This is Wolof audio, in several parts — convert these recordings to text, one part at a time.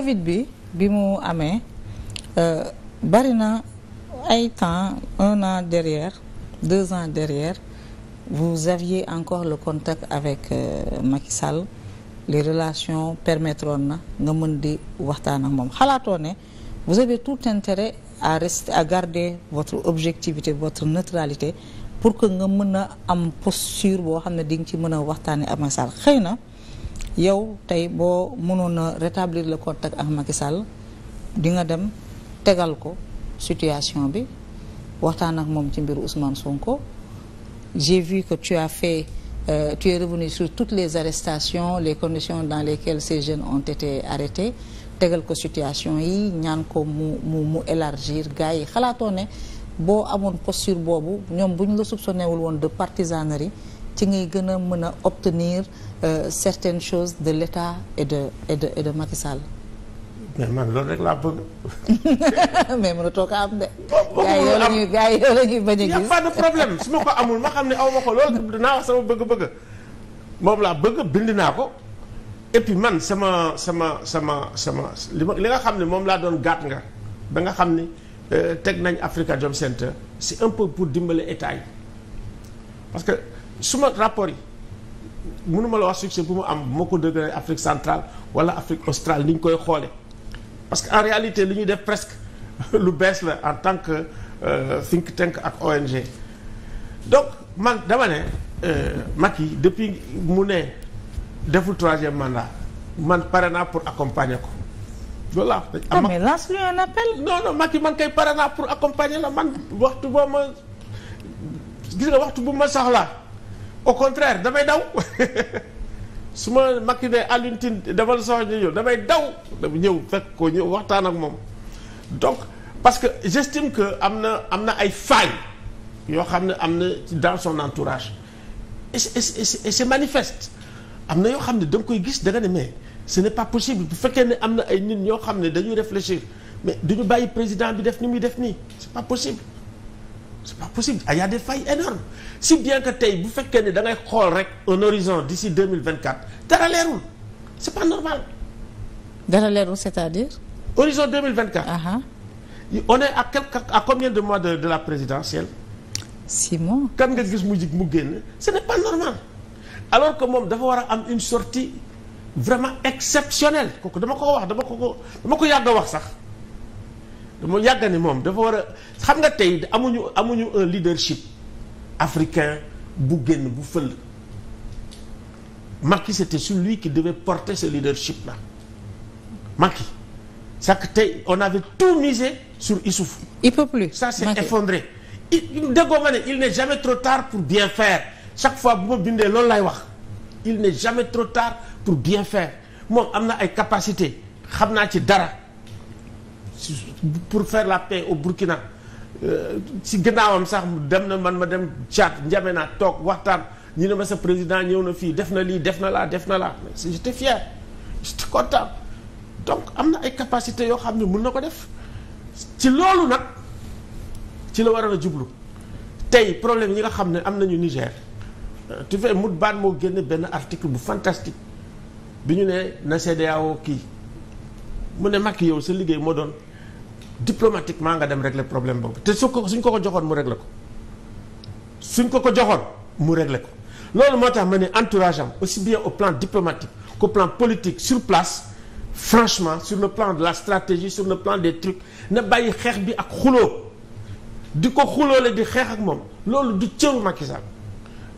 Covid bi bi mu amee euh, bari na ay temps un an derrière deux ans derrière vous aviez encore le contact avec euh, Macky Sall les relations permettroon na nga mën di waxtaan ak moom xalaatoo ne vous avez tout intérêt à rester à garder votre objectivité votre neutralité pour que nga mën a am posture boo xam ne di nga ci mën a waxtaanee ak Macky Sall xëy na. yow tey boo mënoon a rétablir le contact ak Macky Sall di nga dem tegal ko situation bi waxtaan ak moom ci mbiru Ousmane Sonko j'ai vu que tu as fait euh, tu es revenu sur toutes les arrestations les conditions dans lesquelles ces jeunes ont été arrêtés tegal ko situation yi ñaan ko mu mu mu élargir gars yi xalaatoo ne boo amoon posture boobu ñoom buñ ñu la soupçonné woon de partisanerie ci ngay gën a mën a obtenir euh, certaines choses de l'État et de et mais man loolu rek laa bëgg. mais toog ko am de. gaa yi la ñuy a gis. y' a pas problème su ma ko amul ma xam ne aw ma ko loolu dinaa wax sama bëgg-bëgg. moom laa bëgg bind naa ko et puis man sama sama sama sama li li nga xam ne moom laa doon gàtt nga ba xam ni euh, teg nañ Africa Jom Center c'est un pour dimbale état yi parce suma rapport yi mënuma la wax succès bu mu am moo ko dëgg Afrique centrale wala Afrique australe ni ñu koy xoole parce que en réalité li ñuy def presque lu bees la en tant que euh, think tank ak ONG donc man dama ne euh, Macky depuis mu ne deful troisième mandat man pare naa pour accompagner ko loolu laa wax. ah mais lance-lui man koy pare naa pour accompagner la man waxtu boo ma gis nga waxtu bu ma soxlaa. au contraire damay daw su ma makki ne Alioune Tine defal soxla ñëw damay daw ñëw fekk ko ñëw waxtaan ak moom donc parce que j'estime que am na am na ay failles yoo xam ne am na dans son entourage et c'est et c'est manifeste am na yoo xam ne da koy gis da nga ne mais ce n'est pas possible bu fekkee ne am na ay nit ñoo xam ne dañuy réfléchir mais duñu bàyyi président bi def ni muy def nii c'est pas possible c'est pas possible ah, il y a des failles énormes si bien que tey bu fekkee ni dangay xool rek un horizon d'ici 2024 dara leerul c'est pas normal dara leerul c'est-à-dire horizon 2024 uh -huh. on est à quelque à combien de mois de, de la présidentielle six mois kan nga gis mu jig mu génn ce n'est pas normal alors que moom dafa war a am une sorti vraiment exceptionnelle kooku dama ko wax dama ko ko dama ko yàgg a wax sax mu yàgg ni moom dafa war a xam nga tey amuñu amuñu un leadership africain bu génn bu fël Macky c'était celui qui devait porter ce leadership là Macky ça que tey on avait tout misé sur Issoufou il peut plus ça s'est effondré déggoo ma ne il n'est jamais trop tard pour bien fair chaque fois bu ma bindee loolu lay wax il n'est jamais trop tard pour bien faire moom am na ay capacité xam naa ci dara pour faire la paix au Burkina ci euh, gannaawam sax dem na man ma dem njame N'Djamena toog waxtaan ñu ne ma sa président ñëw na fii def na lii def na laa def na laa mais j'étais fier j'étais content donc am na ay capacités yoo xam ne mun na ko def ci loolu nag ci la waroon a jublu tey problème yi nga xam ne am nañu Niger euh, tu fais mut baan moo génne benn article bu fantastique bi ñu ne na CEDEAO kii mu ne Macky yow sa liggéey moo doon diplomatiquement nga dem régler problème boobu te su ko suñ ko ko joxoon mu régler ko suñ ko ko joxoon mu régler ko loolu moo tax ma ne entourage aussi bien au plan diplomatique qu'au plan politique sur place franchement sur le plan de la stratégie sur le plan des trucs na bàyyi xeex bi ak xuloo di ko xuloole di xeex ak moom loolu du cëru Macky Sall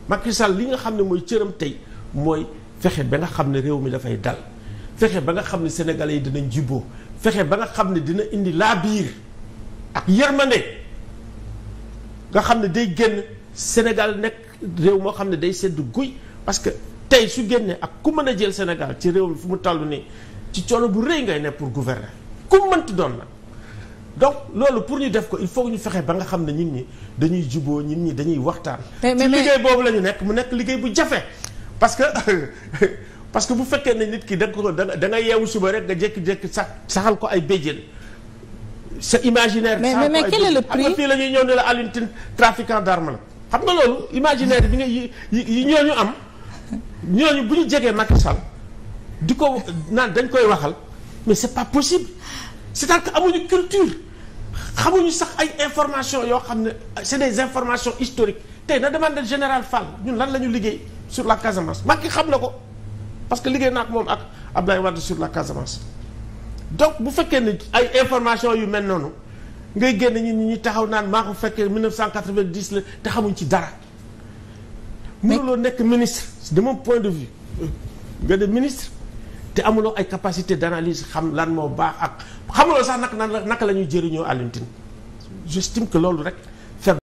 Macky Sall li nga xam ne mooy cëram tey mooy fexe ba nga xam ne réew mi dafay dal fexe ba nga xam ne sénégal yi dinañ juboo fexe ba nga xam ne dina indi laa biir ak yërmande nga xam ne day génn Sénégal nekk réew moo xam ne day sedd guy parce que tey su génnee ak ku mën a jël Sénégal ci réew mi fu mu tàllu nii ci coono bu rëy ngay ne pour gouverner ku mënti doon nag donc loolu pour ñu def ko il faut ñu fexe ba nga xam ne nit ñi dañuy juboo nit ñi dañuy waxtaan. ci liggéey boobu la ñu nekk mu nekk liggéey bu jafe parce que. parce que bu fekkee ne nit ki da nga ko da nga yeewu suba rek nga jékki-jékki sax saxal ko ay béjjén. sa imaginaire. mais mais mais quel est le prix fii la ñuy ñëw ne la Alioune Tine trafiquant d'armes xam nga loolu imaginaire bi nga yi yi ñu am ñooñu bu ñu jegee Macky Sall di ko naan dañ koy waxal mais c'est pas possible cest à amuñu culture xamuñu sax ay information yoo xam ne c'est des informations historiques tey na demande général Fall ñun lan la ñu liggéey sur la Casamance Macky xam na ko. parce que liggéey naa ko moom ak Abdoulaye Wade sur la Casamance. donc bu fekkee ne ay information yu mel noonu ngay génn ñi ñu taxaw naan maa ko fekkee 1990 la te xamuñ ci dara. mais mënuloo nekk ministre de point de vue. nga de ministre te amuloo ay capacité d'analyse xam lan moo baax ak xamuloo sax naka naka la ñuy jëriñoo Alioune Tine j'estime que loolu rek.